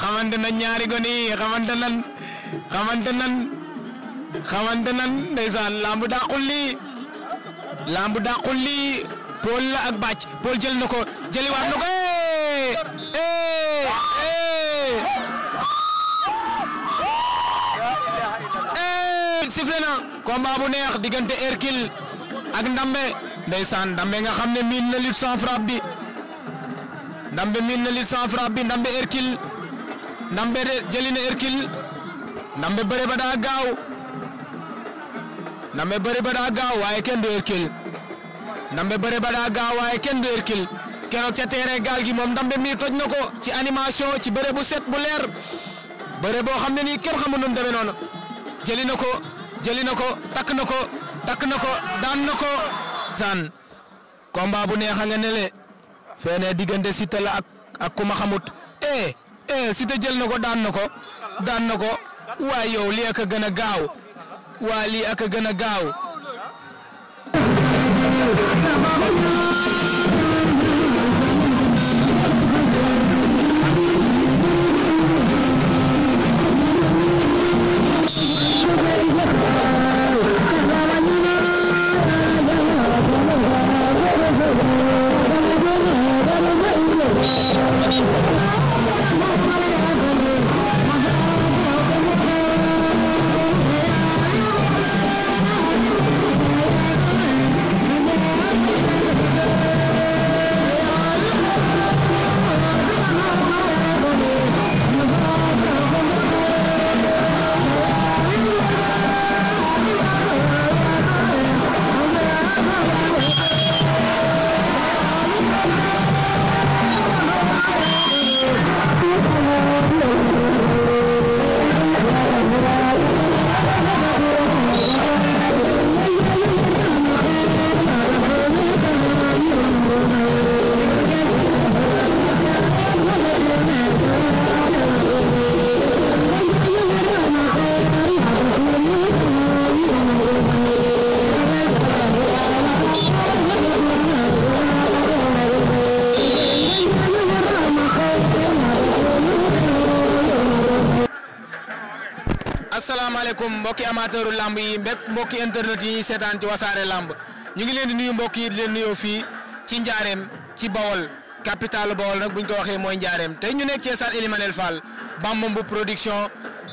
xamante na ñaari gone yi xamante nan xamante nan xamante nan ndeysaan lamb dàqul lii lamb dàqul lii Paul la ak bàcc Paul jël na ko jëliwaat na ko eh, eh eh eh sifflé na combat bu neex diggante Hercule ak Ndambe ndeysaan Ndambe nga xam ne miin na lutte sans frappe Ndambe miin na lutte sans frappe bi Ndambe Hercule ndambe de jëli na Hercule ndambe bëre ba daa gaaw ndambe bëre ba daa gaaw waaye kenn du Hercule ndambe bëre ba daa gaaw waaye kenn du Hercule keroog ca terrain gaal gi moom ndambe mi toj na ko ci animation ci bëre bu set bu leer bëre boo xam ne nii kenn xamul nu demee noonu jëli na ko jëli na ko takk na ko takk na ko daan na ko tan combat bu neex a nga ne le fene diggante Siteu la ak ak ku ma xamut eh Eh, Siteu jël na ko daan na ko daan na ko waa yow lii ak a gën a gaaw waa lii ak a gën a gaaw asalaamaaleykum mbokki amateuru lamb yi mbépp mbokki internet yi ñuy seetaan ci wasaare lamb ñu ngi leen di nuyu mbokk yi di leen nuyoo fii ci njaareem ci bawol capitale bawol nag buñ ko waxee mooy njaareem tey ñu nekk ci stade Elimanel Fall Bamba Mboup production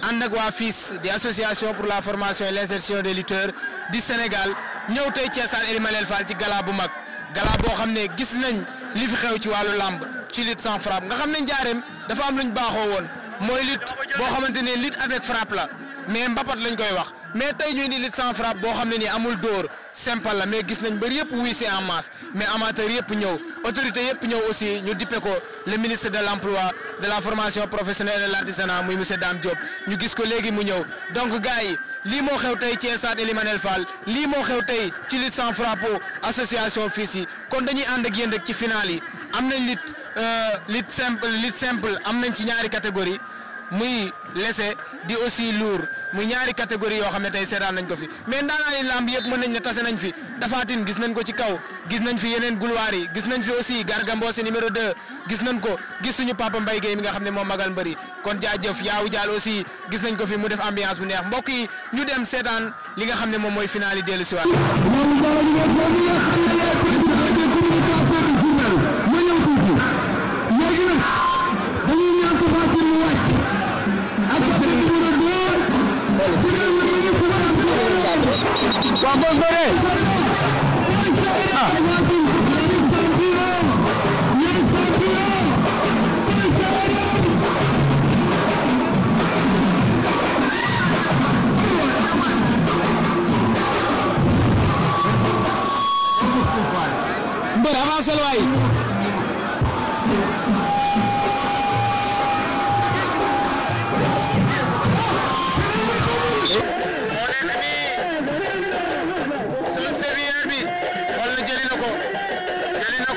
ànd ak waa FILS di association pour la formation et l'insertion des lutteurs di Sénégal ñëw tey ci stade Elimanel Fall ci gala bu mag gala boo xam ne gis nañ li fi xew ci wàllu lamb ci lutte sans frappe nga xam ne njaareem dafa am luñ baaxoo woon mooy lutte boo xamante ne lutte avec frappe mais mbapat lañ koy wax mais tey ñu indi lutte sans frappe boo xam ne nii amul dóor simple la mais gis nañ mbër yëpp wuy si en masse mais amateur yëpp ñëw autorité yëpp ñëw aussi ñu dippe ko le ministre de l' emploi de la formation professionnelle et de l' artisanat muy monsieur Dame Diop ñu gis ko léegi mu ñëw donc gars yi lii moo xew tey ci stade Elimanel Fall lii moo xew tey ci lutte sans frappe association fils yi kon dañuy ànd ak yéen rek ci final yi a nañ lutte euh, lutte simple lutte simple am nañ ci ñaari catégorie lese di aussi lourd mu ñaari catégorie yoo xam ne tey seetaan nañ ko fi mais ndaanaa ni lamb mën nañ ne tase nañ fi dafaatin gis nañ ko ci kaw gis nañ fi yeneen gulwaar yi gis nañ fi aussi Garga Mbossé numéro 2 gis nañ ko gis suñu papa Mbaye Guèye mi nga xam ne moom magal mbëri kon jaajëf yaawu jaal aussi gis nañ ko fi mu def ambiance bu neex mbokk yi ñu dem seetaan li nga xam ne moom mooy finaali yi dellu si waat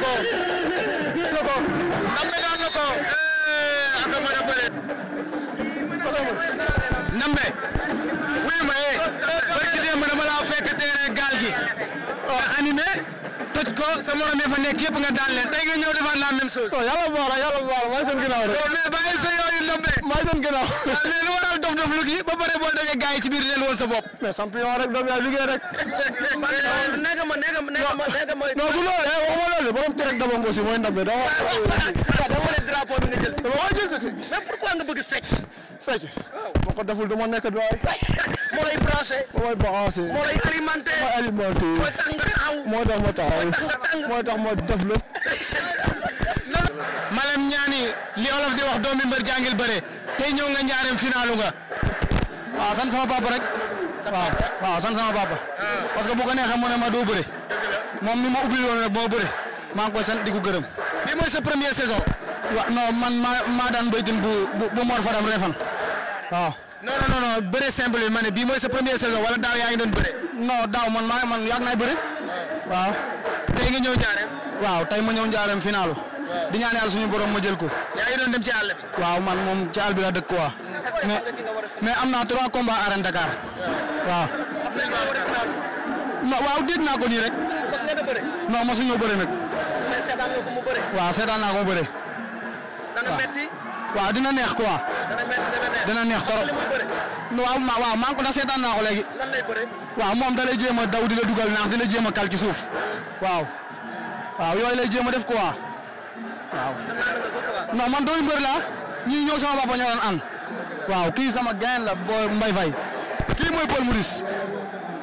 ko Nambe daan na ko. Nambe. ko sa morom yi fa nekk yëpp nga daan leen tey nga ñëw defaat la même chose. waaw oh, yàlla bu baax la yàlla bu baax la may seen ginnaaw rek. mais bàyyi sa yooyu lombe. may seen ginnaaw. waaw lu waral dof dof lu ba pare boo dajee gars yi ci leen woon sa bopp. mais champion rek doom yaay liggéey rek. ma nekk ma nekk ma nekk ma. non du loolu waxuma loolu borom terek dabam aussi mooy ndam bi dama. waaw dama ne drapeau bi nga jël si. dama jël si. mais pourquoi nga bëgg fecc. fecc. boo moo lay branché. moo lay branché. moo lay alimenté. moo alimenté. tax nga taxaw. moo tax ma taxaw. moo tax nga tax ma def lépp. malam ñaani li olof wax doomi mbër jàngil bëre tey ñëw nga ñaareem finalu nga. waaw sama papa rek. waaw sama papa. Ah. parce que bu ko neexee mu ne ma doo bëre. moom mi ma ubbi woon moo bëre. maa ngi koy sant ko gërëm. bi mooy sa première saison. waaw non daan béykat bu Mor Fadam Réfane waaw. non non non bëre simple bi ma ne bii mooy sa première saison wala daaw yaa nga ñëw njaareem. waaw tey ma ñëw njaareem finaalu. di ñaan yàlla suñu borom ma jël ko. yaa ngi doon dem bi. waaw man moom ci àll dëkk quoi. mais mais am naa trois combats arène Dakar. waaw. non waaw dégg naa ko nii rek. mos ngeen a bëre. nag. waaw seetaan naa ko mu bëre. waaw dina neex quoi. dana metti dina neex trop. waaw ma waaw maa ngi ko da seetaan naa ko léegi. waaw moom da lay jéem a daw di la dugal naax di la jéem a kal suuf waaw. waaw yooyu lay jéem a def quoi waaw. non man dooy mbër laa ñii ñëw sama papa ñoo doon ànd. waaw kii sama gain la booy Mbaye kii mooy Paul Maurice.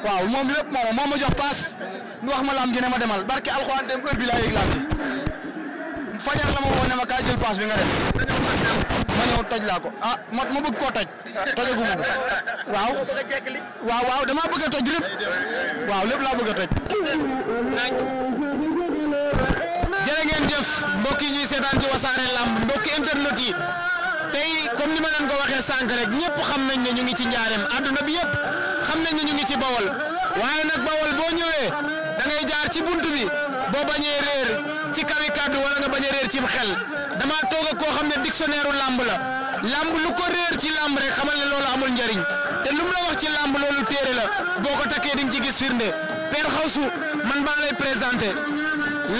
waaw moom lépp moom moom ma jox paas nu wax ma lam gi ma demal barke alxuraan dem heure bi laal bi la ma woo ma kaa paas bi nga dem. ma toj laa ko ah ma ma bëgg koo toj tojagu ma ko waaw. waaw waaw dama bëgg a toj lépp waaw lépp laa bëgg a toj. jërë jëf mbokk yi ñuy seetaan ci wasaare lamb mbokki internet yi tey comme ni ma leen ko waxee sànq rek ñëpp xam nañ ne ñu ngi ci njaareem àdduna bi yëpp xam nañ ne ñu ngi ci bawol waaye nag bawol boo ñëwee da jaar ci bunt bi. boo bañee réer ci kawi kàddu wala nga bañ a réer cim xel damaa toog koo xam ne dictionnaire làmb la làmb lu ko réer ci làmb rek xamal ne loolu amul njariñ te lu mu la wax ci làmb loolu téere la boo ko takkee di nga ci gis firnde Père Xawsu man maa lay présenté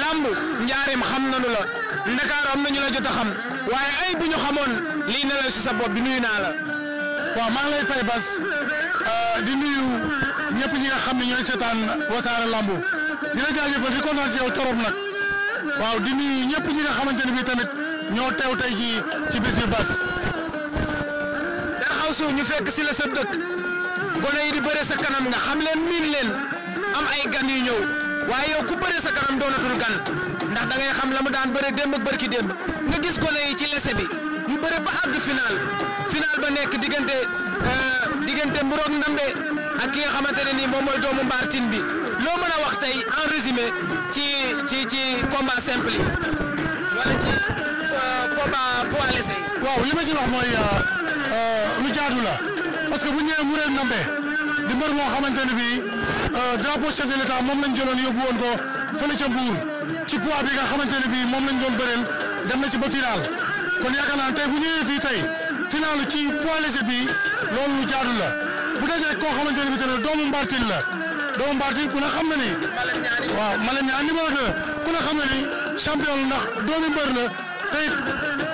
làmb njaarim xam nanu la Ndakaaru am nañu la jot a xam waaye ay bi ñu xamoon lii ne la si sa bopp bi nuyu naa la. waaw maa ngi lay fay Bas euh, di nuyu ñëpp ñi nga xam ne ñooy seetaan wasaare lambu. di la jaajëfal di kontaan si yow nag waaw di nuyu ñëpp ñi nga xamante ne bii tamit ñoo teew tey jii ci bis bi bas. Darxawsu ñu fekk si la sa dëkk gone yi di bëre sa kanam nga xam leen miin leen am ay gan yu ñëw waaye yow ku bëre sa kanam doonatul gan ndax da ngay xam la mu daan bëre démb ak ki démb nga gis gone yi ci lese bi ñu bëre ba àgg final final ba nekk diggante euh, diggante Mburoog Ndambe ak ki nga xamante ne nii moom mooy doomu mbaartin bi. loo mën a wax tey en résumé ci ci ci combat simple yi wala ci euh, combat poids léger yi. waaw li ma ci wax mooy euh, euh, lu jaadu la parce que bu ñëwee mu réew Ndambe di mbër moo xamante ne bii drapeau chef de l'état moom lañ jëloon yóbbu woon ko fële ca ci poids bi nga xamante ne bii moom lañ doon bëreel dem na ci ba final kon yaakaar naa tey bu ñëwee fii tey final ci poids léger bi loolu lu jaadu la bu dajee koo xamante ne bii tamit doomu mbartil la. doomu Mbathine ku na xam na ni waaw Malem Niani numéro 2 ku ne xam na ni champion la ndax doomu mbër la te it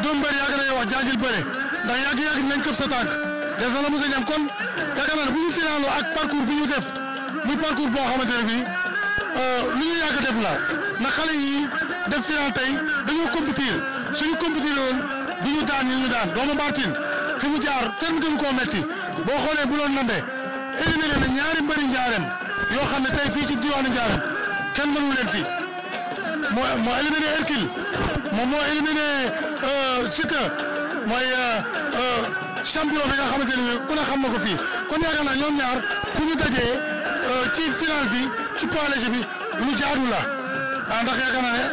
doomu mbër yàgg nañu wax jaajël bëre ndax yàgg-yàgg dinañ këf sa tànk des na la a kon yaakaar naa ne bu ñu finaaloo ak parcours bi ñu def muy parcours boo xamante ne bii euh, lu ñu yàgg def la na xale yi def final tey dañoo compétir suñu compétir woon bi ñu daan ñu daan doomu Mbathine fi mu jaar ka gënu koo metti boo xoolee bu doon nande éliminé na ñaari mbëri njaareem. yoo xam ne tey fii ci diwaanu Ndiarème kenn mënu leen fii moo moo éliminé Hercule moom moo éliminé euh, Siteu mooy euh, euh, champion bi nga xamante ne ku ne xam na ko fii kon yaakaar naa ñoom ñaar ku ñu dajee ci final bi ci poids léger bi lu jaadu la ah ndax yaakaar naa ne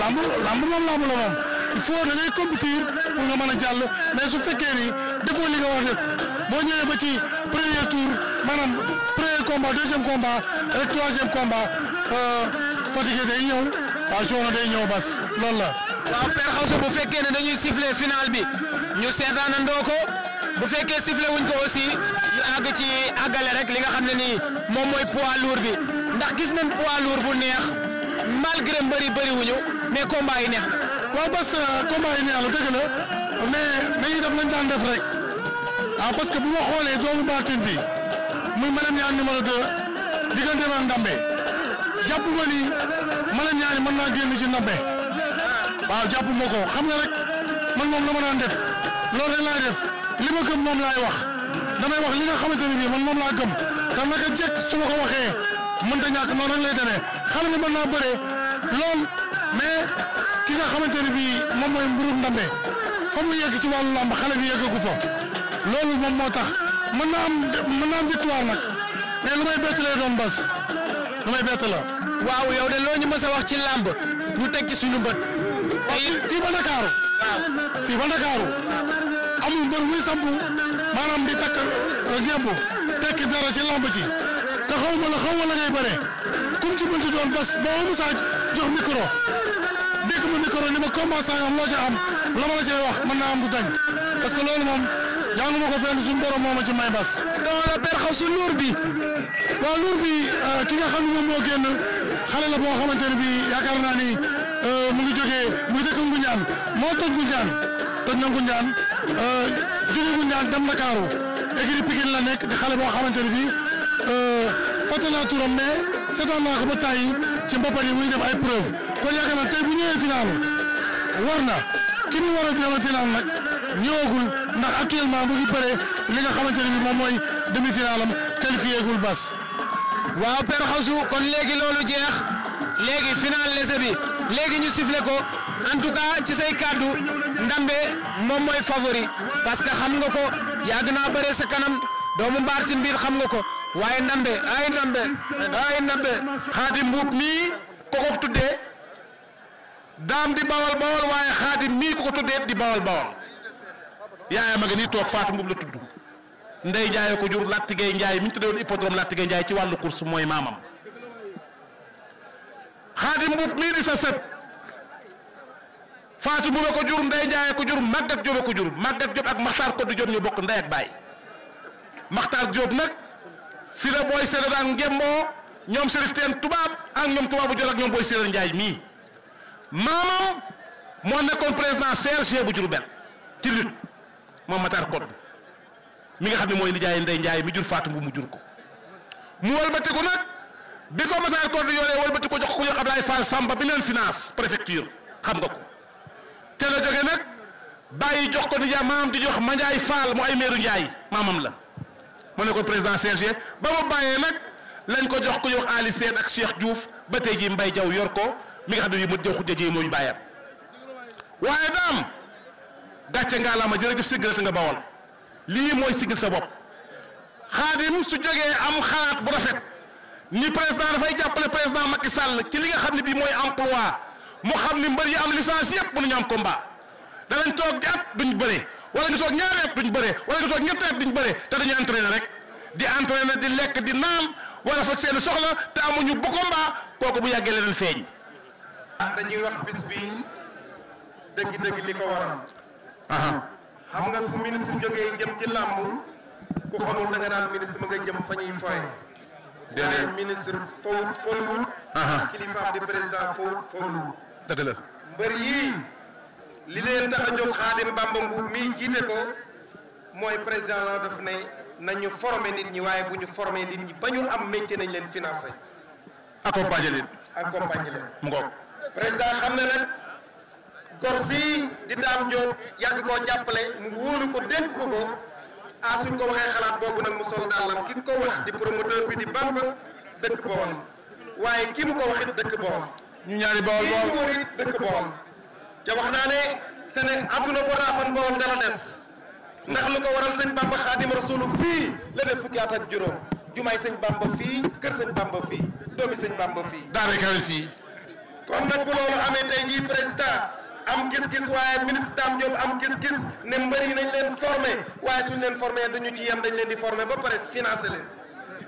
lamb lamb moom lamb la moom il faut da ngay compétir pour nga mën a jàll mais su fekkee ni defoo li nga war a def boo ñëwee ba ci. premier tour maanaam premier combat deuxième combat ak troisième combat euh, Fatigué day ñëw waaw joona day ñëw bas loolu la. waaw bu fekkee ne dañuy siffler final bi ñu seetaanandoo ko bu fekkee siffler wuñ ko aussi ñu àgg ci àggale rek li nga xam ne nii moom mooy poids bi ndax gis nañ poids lourd bu neex malgré mbëri bëri wuñu mais combat yi neex na. waaw bas euh, combat yi neex la dëgg la mais nañuy def lañ daan def rek. ah parce que bu ma xoolee doomu baatin bi muy Malem Niani numéro 2 diggante ak Ndambe jàpp ma ni Malem Niani mën naa génn ci Ndambe waaw jàpp ma xam nga rek man moom la ma daan def loolu rek laay def li ma gëm moom laay wax damay wax li nga xamante ne bii man moom laa gëm te naka jekk su ma ko waxee mënta ñàkk noonu a lay demee xale bi mën naa bëree lool mais ki nga xamante ne bii moom mooy mbirum Ndambe fa mu yegg ci wàllu làmb xale bi yeggagu fa. loolu moom moo tax mën na am mën naa am victoire nag mais lu may bett lay doon bas lu may bett la. waaw yow de loo ñu a wax ci làmb ñu teg ci suñu bët. te fii ba Ndakaaru. waaw fii ba Ndakaaru. amul mbër muy sampu maanaam di takk ngemb euh, tekki dara ci làmb ci te xaw ma la xaw ma la ngay bëree ci mënti doon bas ba mu saa jox micro. dégg ma micro ni ma commencé am loo ca am la la cay wax mën naa am du dañ parce que loolu moom. jànguma ko fenn suñu borom ma ci may bas. donc père xaw luur bi waaw luur bi euh, ki nga xam ne moom moo génn xale la boo xamante ne bii yaakaar naa ni euh, mu ngi jógee mu ngi dëkk Ngoundiane moo toj Ngoundiane toj na Ngoundiane euh, jóge Ngoundiane dem Ndakaaru écurie Pikine la nekk di xale boo xamante ne bii fàtte naa turam mais seetaan naa ko ba tàyyi ci mbapat yi muy def ay preuve kon yaakaar naa tey bu ñëwee final war na ki mu war nag ñëwagul. ndax actuellement mu ngi bëre li xamante ne bi moom mooy demi-finale am qualifié waaw Père Xawsu kon léegi loolu jeex léegi final lese bi léegi ñu sifflé ko en ci say kaddu ndambe moom mooy favori parce que xam nga ko yàgg naa bëre sa kanam doomu mbaar ci mbir xam nga ko waaye ndambe ay ndambe ay ndambe mii ko ko tuddee daam di bawal bawal waaye xaatim mii ko ko tuddee di bawal bawal. yaayam a ngi nii toog Fatou Mbuub la tudd ndey Njaay ko jur Latigay Njaay mi ñu tuddee woon mii a ko jur ndey Njaay ko jur Maguette Diop a ko jur Maguette Diop ak Maxtaar Koddu Diop ñu bokk ndey ak baay Maxtaar Diop nag fi la booy tubaab ak ñoom tubaabu Jol ak ñoom booy maamam moo nekkoon président CRG bu Diourbel ci lutte moom Matar Code mi ngi xam ne mooy nijaay Ndey Njaay mi jur Fatou bu mu jur ko mu walbatiku nag bi ko Matar Code yoree ko jox ko ku jox Ablaye Fall Samba bi leen finance préfecture xam nga ko te la jóge nag bàyyi jox ko nijaay maam di jox Mandiaye Fall mu ay meeru Njaay maamam la mu ne ko président CRG ba mu bàyyee nag lañ ko jox ku jox Ali seen ak Cheikh Diouf ba tey jii Mbay Jaw yor ko mi nga xam ne bii mu jëw xujja ji mooy bàyyam waaye daam gàcce ngaa lama jërëjëf siggalati nga bawal lii mooy siggal sa bopp xaadim su jógee am xalaat bu rafet ni président dafay jàppale président Macky Sall ci li nga xam ne bii mooy emploi moo xam ni mbër yi am licence yëpp mënuñu am combat danañ toog at duñ bëree wala ñu toog ñaari at duñ bëree wala ñu toog ñetti at duñ te dañuy entraîné rek di entraîné di lekk di naan wala fekk seen soxla te amuñu bu combat kooku bu yàggee leneen feeñ. Ah, dañuy wax bis bi dëgg-dëgg li ko waral. xam nga su ministre jógee jëm ci làmb ku xamul da nga daan ministre ma nga jëm fa ñuy fooy déedéet ministre fowut foluwul kilifaam di président fowut foluwul dëgg la mbër yii li leen tax a jóg xaadim bamba mbuub mii jiite ko mooy président la daf ne nañu formé nit ñi waaye bu ñu formé nit ñi ba ñu am métier nañ leen financé accompagné leen accompagné leen mu ngoog président xam na nag gor si di daam joon yàgg koo jàppale mu wóolu ko dénk ko ko ah suñ ko waxee xalaat boobu nag mu sol dàllam ki ko wax di promoteur bi di Bamba dëkk boon waaye mu ko waxit dëkk boon ñu ñaari bool bool kii mu waxit dëkk boon naa ne sene àdduna ko raafan bool dana des ndax lu ko waral sëñ Bamba Xaadim Rasulu fii la def fukki at ak juróom jumaay sëñ Bamba fii kër sëñ Bamba fii doomi sëñ Bamba kon nag bu loolu amee tey jii président am gis-gis waaye ministre Dame Diop am gis-gis ne mbër yi nañ leen former waaye suñ leen former dañu ci yem dañ leen di former ba pare financer leen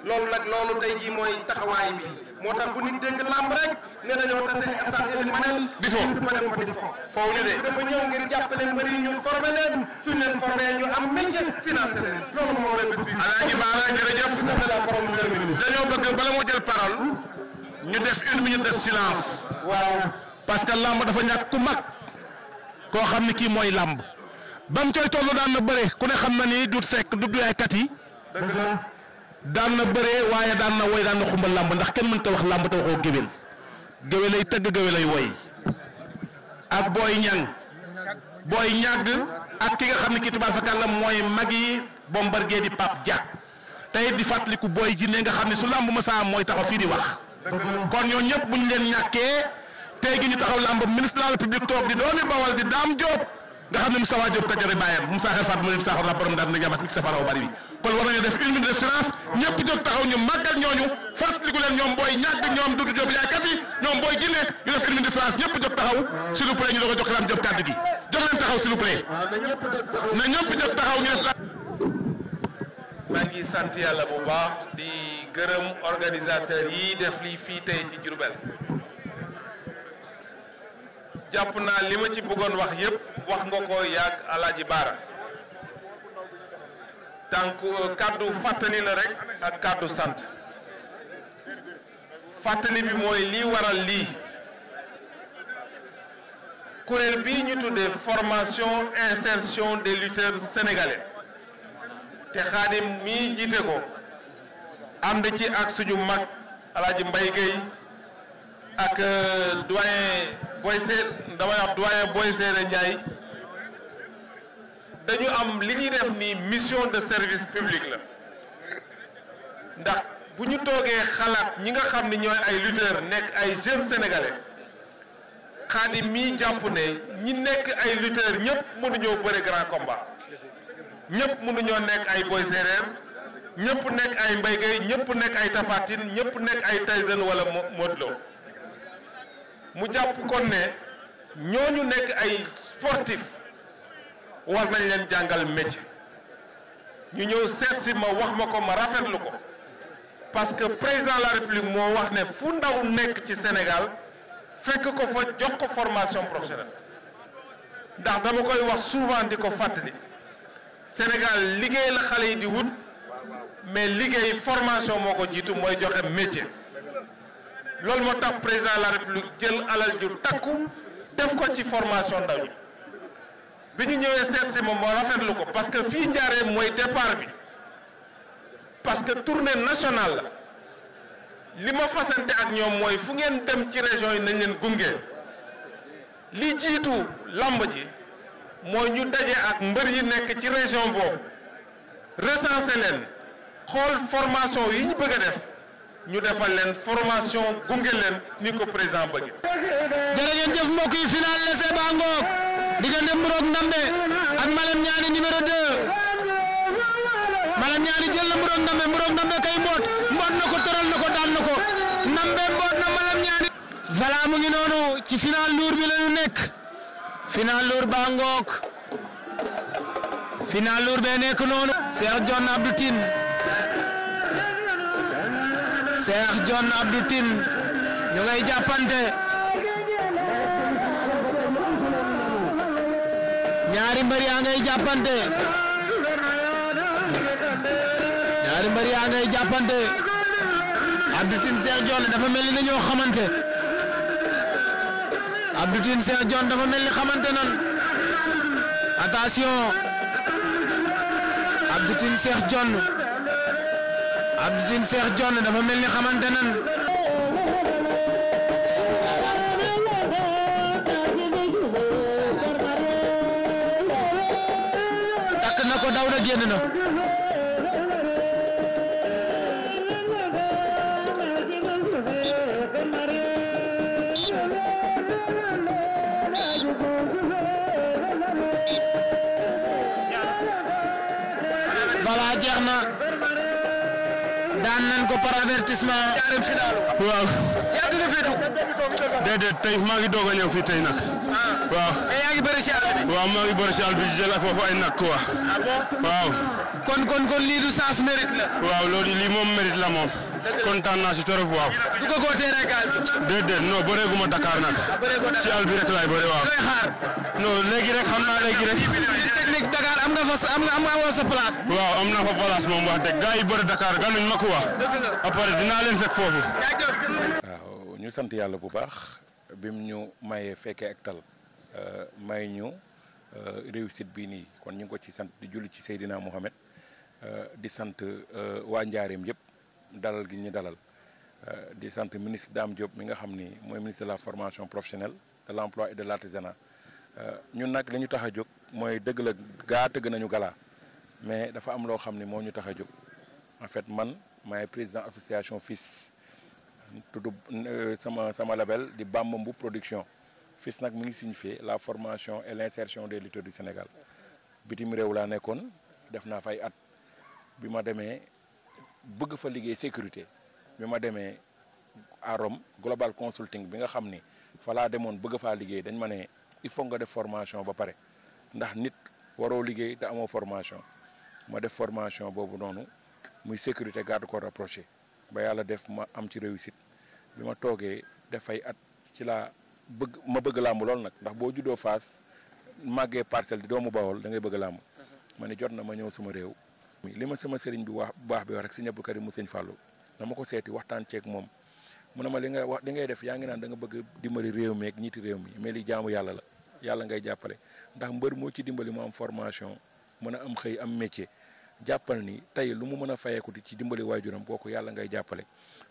loolu nag loolu tey jii mooy taxawaay bi moo tax bu nit dégg lamb rek ne dañoo tase stade Ely Manel di fo di fo foofu ne de dafa ñëw ngir jàppale mbër yi ñu former leen suñ leen former ñu am métier financer leen loolu moo waral bés bi alaaji baara jërëjëf dañoo bëgg bala moo jël parole ñu def une minute de silence waaw parce que lamb dafa ñàkk ku mag koo xam ne kii mooy làmb bam cay toll daan na bëre ku ne xam na ni du sekk du duyaay kat yi daan na bëree waaye daan na woy daan na xumba làmb ndax kenn mënta wax làmb te waxoo géwél géwél ay tëgg géwél ay woy ak booy ñang booy ñàgg ak ki nga xam ne kii tubaab fakal la mooy mag yi bombardier di Pape Diak tey di fàttaliku booy ji nga xam ne su làmb ma saa mooy taxaw fii di wax kon ñoo ñu leen ñàkkee tey gi ñu taxaw làmb ministre de la république toog di doomi bawal di daam Diop nga xam ne Moussa Wade Diop kajore bàyyam Moussa Xel Fatou Moussa Xel Fatou borom war nañu def une minute de silence ñëpp taxaw ñu màggal ñooñu fàttaliku leen ñoom booy ñàgg ñoom Doudou Diop yaaykat yi ñoom booy Guinée ñu def ñëpp jóg taxaw s'il vous plaît ñu doog a jox Lam Diop kàddu gi jox leen taxaw s'il vous plaît na ñëpp jóg taxaw ñu def. maa ngi sant yàlla bu baax di gërëm organisateur yi def lii fii tey ci Diourbel jàpp naa li ma ci bëggoon wax yépp wax nga ko yaag alaaji baara donc kàddu fàttali la rek ak kàddu sant fàttali bi mooy li waral lii kuréel bi ñu tuddee formation insertion des lutteurs sénégalais te xaadim mii jiite ko ànd ci ak suñu mag alaaji mbay gay ak euh, doyen Boy Séer damay wax doyen Boy Séer Ndiaye dañu am li ñuy def nii mission de service public la ndax bu ñu toogee xalaat ñi nga xam ni ñooy ay lutteurs nekk ay jeunes sénégalais Khadim mii jàpp ne ñi nekk ay lutteurs ñëpp mënuñoo bëre grand combat ñëpp mënuñoo nekk ay Boy Séeréer ñëpp nekk ay mbay Guèye ñëpp nekk ay Tapha Tine ñëpp nekk ay Tyson wala Modou Lo mu jàpp kon ne ñooñu nekk ay sportif war nañ leen jàngal métier ñu ñëw seet ma wax ma ko ma rafetlu ko parce que président de la république moo wax ne fu ndaw nekk ci Sénégal fekk ko fa jox ko formation professionnelle ndax dama koy wax souvent di ko fàttali Sénégal liggéey la xale yi di wut mais liggéey formation moo ko jiitu mooy joxe métier. loolu moo tax président la république jël alal ju takku def ko ci formation ndaw ñi bi ñu ñëwee seet si moom moo rafetlu ko parce que fii njaaree mooy départ bi parce que tournée nationale la li ma fasante ak ñoom mooy fu ngeen dem ci région yi nañ leen gunge li jiitu lamb ji mooy ñu daje ak mbër yi nekk ci région boobu recensé leen xool formation yi ñu bëgg a def ñu defal leen formation gunge leen ni ko président bëgg. jërëjëf mbokk yi final lese ba ngoog diggante Mburok Ndambe ak Malem Niani numéro 2 Malem Niani jël na Mburok Ndambe Mburok Ndambe kay mboot mboot na ko tëral na ko daan na Ndambe mboot na Malem Niani. voilà mu ngi noonu ci final lour bi la ñu nekk final lour ba ngoog final lour nekk noonu. Cheikh John Abdou Cheikh John Abdou Tine ñu ngay jàppante ñaari mbër yaa ngay jàppante ñaari mbër John dafa mel ni ñoo xamante Abdou Tine Cheikh John dafa mel ni xamante nan attention Abdou Tine John Abdou Tine Cheikh Dione dafa mel ni xamante nan takk na ko daw na génn na daan nan ko par avertissement. waaw. maa ngi doog a ñëw fii tey nag. Ah. waaw. mais yaa bi. waaw maa ngi bëri si àll bi jël foofu ay nag quoi. Ah waaw. kon kon kon lii waaw loolu lii moom mérite la moom. kontaan naa si torop waaw. du ko góotee rek bi. déedéet non Dakar nag. Ah, ci àll rek laay bëri waaw. non léegi rek xam naa léegi rek. ne Dakar am nga fa sa place. waaw am naa fa place moom wax dëgg gars yi bëri Dakar ganuñ ma ko wax. après dinaa leen fekk foofu. waaw ñu sant yàlla bu baax bi mu ñu mayee fekkee ak tal euh, may ñu euh, réussite bii nii kon ñu ngi ko ci sant di julli ci Seydina Mohamed euh, di sant waa Njaareem yëpp dalal gi ñu dalal di sant ministre Dame Diop mi nga xam ni mooy ministre la formation professionnelle de l' et de l' Euh, ñun nag li ñu tax a jóg mooy dëgg la gaa tëgg nañu gala mais dafa am loo xam ni moo ñu tax a jóg en fait man maay président association FILS tudd euh, sama sama label di Bamba bu production FILS nag mi ngi signifier la formation et l'insertion des lutteurs du Sénégal bitim réew laa nekkoon def naa fay at bi ma demee bëgg fa liggéey sécurité bi ma demee à Rome global consulting bi nga xam ni falaa demoon bëgg faa liggéey dañ ma ne il faut nga def formation ba pare ndax nit waroo liggéey te amoo formation ma def formation boobu noonu muy sécurité garde corps rapproché ba yàlla def ma am ci réussite bi ma toogee dafay at ci laa bëgg ma bëgg làmb lool nag ndax boo juddoo Fass màggee parcelle di doomu Bawol da ngay bëgg làmb ma ne jot na ma ñëw sama réew li ma sama sëriñ bi wax bu baax bi wax rek si ñëpp mu sëñ Fallou dama ko seeti waxtaan ceeg moom mu ne ma li nga wax li def yaa ngi naan da nga réew yàlla ngay jàppale ndax mbër moo ci dimbali mu am formation mën a am xëy am métier jàppal ni tey lu mu mën a fayeeku di ci dimbali waajuram kooku yàlla ngay jàppale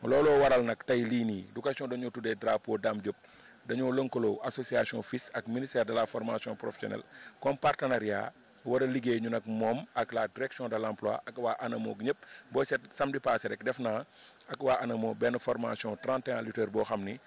looloo waral nag tey lii nii du question dañoo tuddee drapeau Dame Diop dañoo lënkaloo association FILS ak ministère de la formation professionnelle comme partenariat war a liggéey ñu nag moom ak la direction de l'emploi ak waa ANAMO ñëpp boo seet samedi passé rek def naa ak waa ANAMO benn formation 31 boo xam ni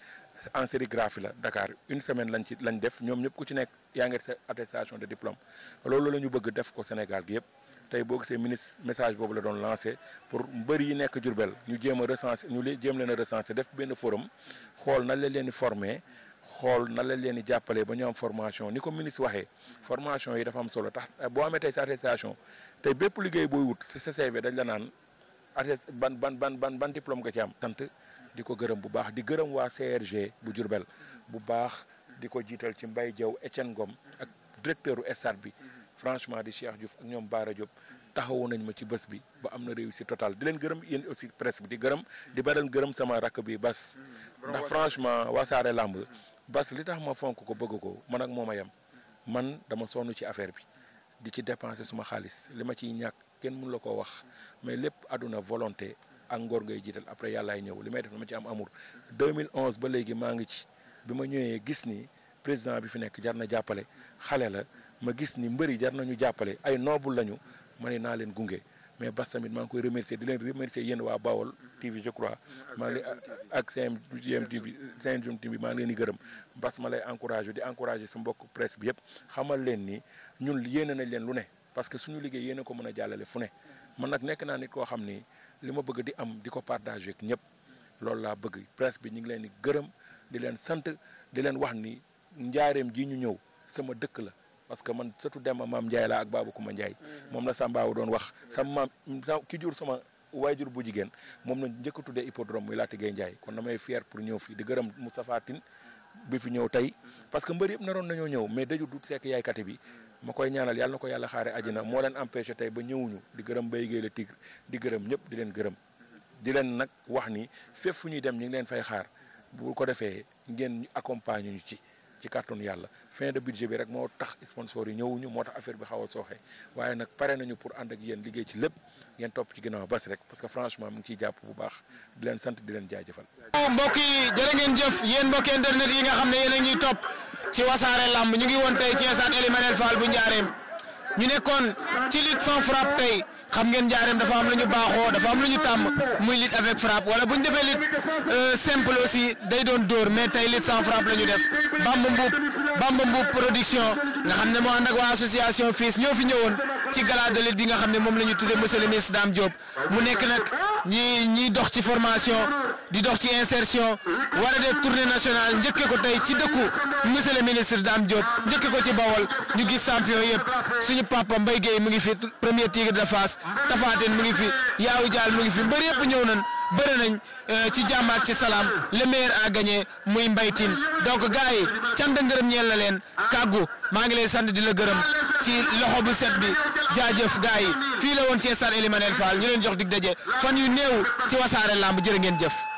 en sérigraphie la Dakar une semaine lañ ci lañ def ñoom ñëpp ku ci nekk yaa ngi sa attestation de diplôme loolu la ñu bëgg def ko Sénégal gi yëpp tey boo gisee ministre message boobu la doon lancé pour mbër yi nekk Jurbel ñu jéem a ñu ñu jéem leen a recenser def benn forum xool na leen leen di former xool na leen leen di jàppalee ba ñu am formation ni ko ministre waxee formation yi dafa am solo tax eh, boo amee tey sa attestation tey bépp liggéey booy wut si sa la naan attest ban ban ban ban ban diplôme ci am tant di ko gërëm bu baax di gërëm waa CRG bu Diourbel bu baax di ko jiital ci mbay jow Etienne Ngom ak directeur u bi franchement di Cheikh Diouf ak ñoom Baara Diop taxawu nañ ma ci bës bi ba am na réussite totale di leen gërëm yéen aussi presse bi di gërëm di baral gërëm sama rakk bi Bas mm-hmm. ndax franchement Wassare Lamb mm-hmm. Bas li tax ma fonk ko bëgg ko man ak moom a yem man dama sonn ci affaire bi di ci dépenser suma xaalis li ma ciy ñàkk kenn mënu la ko wax mm-hmm. mais lépp àdduna volonté ak ngor ngay jiital après yàllaay ñëw li may def ma ci am amour 2011 ba léegi maa ngi ci bi ma ñëwee gis ni président bi fi nekk jar na jàppale xale la ma gis ni mbëri jar nañu jàppale ay noble lañu ma ne naa leen gunge mais Bass tamit maa ngi koy remercier di leen remercier yéen waa Bawol TV je crois maa ngi ak CMGM TV CMGM TV maa ngi leen di gërëm Bass ma lay encouragé di encouragé su mbokk presse bi yëpp xamal leen ni ñun yéene nañ leen lu ne parce que suñu liggéey yéene ko mën a jàllale fu ne man nag nekk naa nit koo xam ni li ma bëgg di am di ko partager ak ñëpp loolu laa bëgg presse bi ñu ngi leen di gërëm di leen sant di leen wax ni njaareem ji ñu ñëw sama dëkk la parce que man surtout Demba maam Ndiaye laa ak Baba Coumba Ndiaye mm-hmm. moom la Sambaaw doon wax sama maam ki jur sama jur bu jigéen moom nañ njëkk a tuddee hippodrome muy Laati Gueye Ndiaye kon damay fier pour ñëw fii di gërëm Moustapha Tine bi fi ñëw tey mm-hmm. parce que mbër yëpp naroon nañoo ñëw mais daju dut sekk yaaykate bi mm-hmm. ma koy ñaanal yàlla na ko yàlla xaare àjjana moo leen empêché tey ba ñëwuñu di gërëm Baye Gueye la Tigre di gërëm ñëpp di leen gërëm di leen nag wax ni fépp fu ñuy dem ñu ngi leen fay xaar bu ko defee ngeen accompagner ñu ci ci kàttanu yàlla fin de budget bi rek moo tax sponsor yi ñëwuñu moo tax affaire bi xaw a sooxe waaye nag pare nañu pour ànd ak yéen liggéey ci lépp ngeen topp ci ginnaaw bas rek parce que franchement mu ngi jàpp bu baax di leen sant di leen jaajëfal. Ah, mbokk yi jërë ngeen jëf yéen mbokki internet yi nga xam ne yéen a ngi topp ci wasaare lamb ñu ngi woon tey ci stade Elimanel Fall bu Njaareem ñu nekkoon ci lutte sans frappe tey xam ngeen Njaareem dafa am lu baaxoo dafa am lu tàmm muy lutte avec frappe wala bu ñu defee euh, simple aussi day doon dóor mais tey lutte sans frappe la def Bamba Mbuub ci gala bi nga xam ne moom la ñu tuddee monsieur le ministre Dame Diop mu nekk nag ñi dox ci formation di dox ci insertion war de def tournée nationale njëkke ko tey ci dëkku monsieur le ministre Dame Diop njëkke ko ci Bawol ñu gis champion yëpp suñu papa Mbaye Guèye mu ngi fi premier tigre de Fass Tapha Tine mu ngi fi Yaawu Jaal mu ngi fi mbër yëpp ñëw nañ bëri nañ euh, ci jàmm ci salaam le meilleur a gagné muy Mbaye Tine donc gars yi cant ngërëm ñeel na leen kàggu maa ngi lay sant la gërëm ci loxo bu set bi jaajëf gars yi fii la woon ci stade Ely Manel Fall ñu leen jox dig daje fan yu néew ci wasaare lamb jërë ngeen jëf